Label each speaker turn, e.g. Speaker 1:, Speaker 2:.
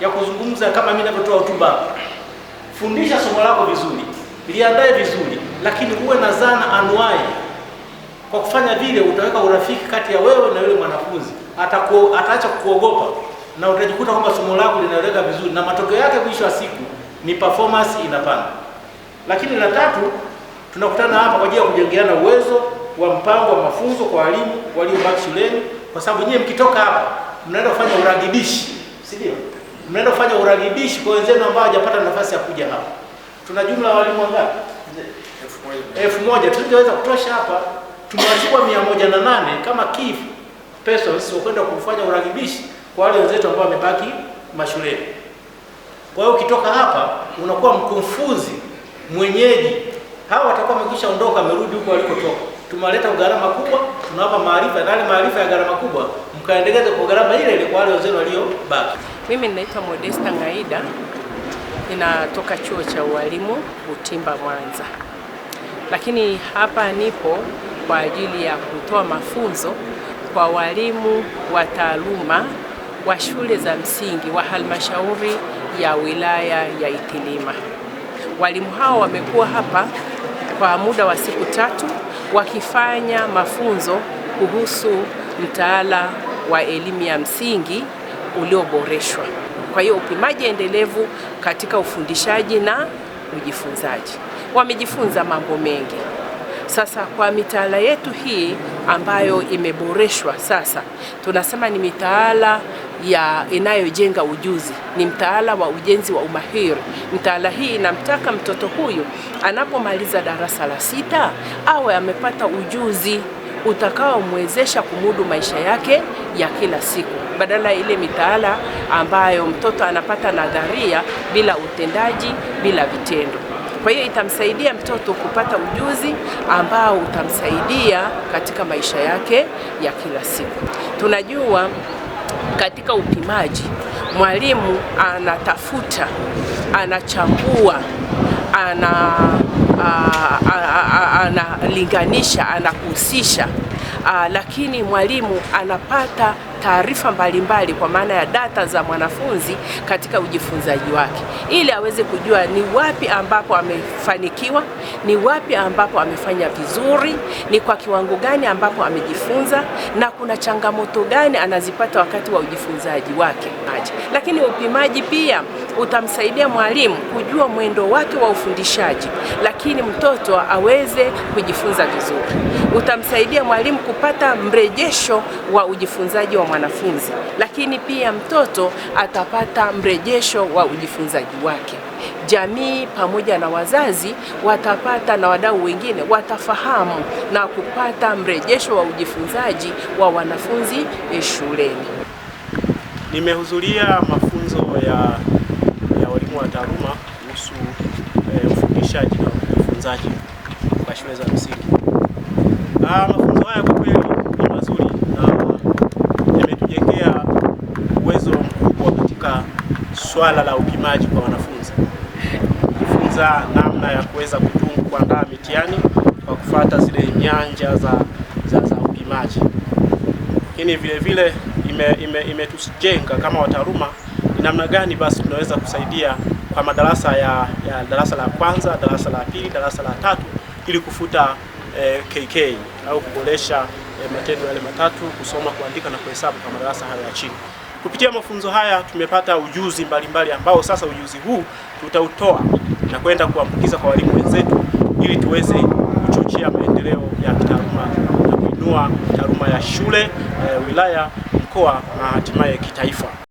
Speaker 1: ya kuzungumza kama mimi ninavyotoa hotuba. Fundisha somo lako vizuri, liandae vizuri, lakini uwe na zana anuai. Kwa kufanya vile, utaweka urafiki kati ya wewe na yule mwanafunzi, ataacha kuogopa na utajikuta kwamba somo lako linaeleka vizuri, na matokeo yake mwisho wa siku ni performance inapanda. Lakini la tatu, tunakutana hapa kwa ajili ya kujengeana uwezo wa mpango wa mafunzo kwa walimu waliobaki shuleni, kwa sababu nyie mkitoka hapa mnaenda kufanya uragibishi, si ndio? mnaenda kufanya uragibishi kwa wenzenu ambao hawajapata nafasi ya kuja hapa. Tuna jumla walimu wangapi? elfu moja. Tusingeweza kutosha hapa, tumewachukua mia moja na nane kama key persons kwenda kufanya uragibishi kwa wale wenzetu ambao wamebaki mashuleni. Kwa hiyo ukitoka hapa unakuwa mkufunzi mwenyeji, hawa watakuwa wamekisha ondoka, wamerudi huko walikotoka. Tumewaleta gharama kubwa, tunawapa maarifa na yale maarifa ya gharama kubwa mkaendeleza kwa gharama ile ile kwa wale wenzenu waliobaki.
Speaker 2: Mimi ninaitwa Modesta Ng'aida, ninatoka chuo cha ualimu Butimba, Mwanza, lakini hapa nipo kwa ajili ya kutoa mafunzo kwa walimu wa taaluma wa shule za msingi wa halmashauri ya wilaya ya Itilima. Walimu hao wamekuwa hapa kwa muda wa siku tatu wakifanya mafunzo kuhusu mtaala wa elimu ya msingi ulioboreshwa. Kwa hiyo upimaji endelevu katika ufundishaji na ujifunzaji, wamejifunza mambo mengi. Sasa kwa mitaala yetu hii ambayo imeboreshwa sasa, tunasema ni mitaala ya inayojenga ujuzi, ni mtaala wa ujenzi wa umahiri. Mtaala hii inamtaka mtoto huyu anapomaliza darasa la sita awe amepata ujuzi utakaomwezesha kumudu maisha yake ya kila siku, badala ile mitaala ambayo mtoto anapata nadharia bila utendaji, bila vitendo. Kwa hiyo itamsaidia mtoto kupata ujuzi ambao utamsaidia katika maisha yake ya kila siku. Tunajua katika upimaji mwalimu anatafuta, anachambua ana analinganisha Aa, lakini mwalimu anapata taarifa mbalimbali kwa maana ya data za mwanafunzi katika ujifunzaji wake, ili aweze kujua ni wapi ambapo amefanikiwa, ni wapi ambapo amefanya vizuri, ni kwa kiwango gani ambapo amejifunza na kuna changamoto gani anazipata wakati wa ujifunzaji wake. Lakini upimaji pia utamsaidia mwalimu kujua mwendo wake wa ufundishaji, lakini mtoto aweze kujifunza vizuri. Utamsaidia mwalimu kupata mrejesho wa ujifunzaji wa mwanafunzi, lakini pia mtoto atapata mrejesho wa ujifunzaji wake. Jamii pamoja na wazazi watapata na wadau wengine watafahamu na kupata mrejesho wa ujifunzaji wa wanafunzi eh, shuleni.
Speaker 3: Nimehudhuria mafunzo ya taaluma kuhusu eh, ufundishaji na ufunzaji kwa shule za msingi. Ah, mafunzo haya kwa kweli ni mazuri na yametujengea uwezo mkubwa katika swala la upimaji kwa wanafunzi, kujifunza namna ya kuweza kutunga, kuandaa mitihani kwa kufuata zile nyanja za, za, za upimaji. Lakini vile vile imetujenga ime, ime kama wataaluma ni namna gani basi tunaweza kusaidia kwa madarasa ya, ya darasa la kwanza, darasa la pili, darasa la tatu ili kufuta eh, KK au kuboresha eh, matendo yale matatu: kusoma, kuandika na kuhesabu kwa madarasa hayo ya chini. Kupitia mafunzo haya tumepata ujuzi mbalimbali mbali, ambao sasa ujuzi huu tutautoa na kwenda kuambukiza kwa walimu wenzetu ili tuweze kuchochea maendeleo ya kitaaluma na kuinua taaluma ya shule, eh, wilaya, mkoa na hatimaye kitaifa.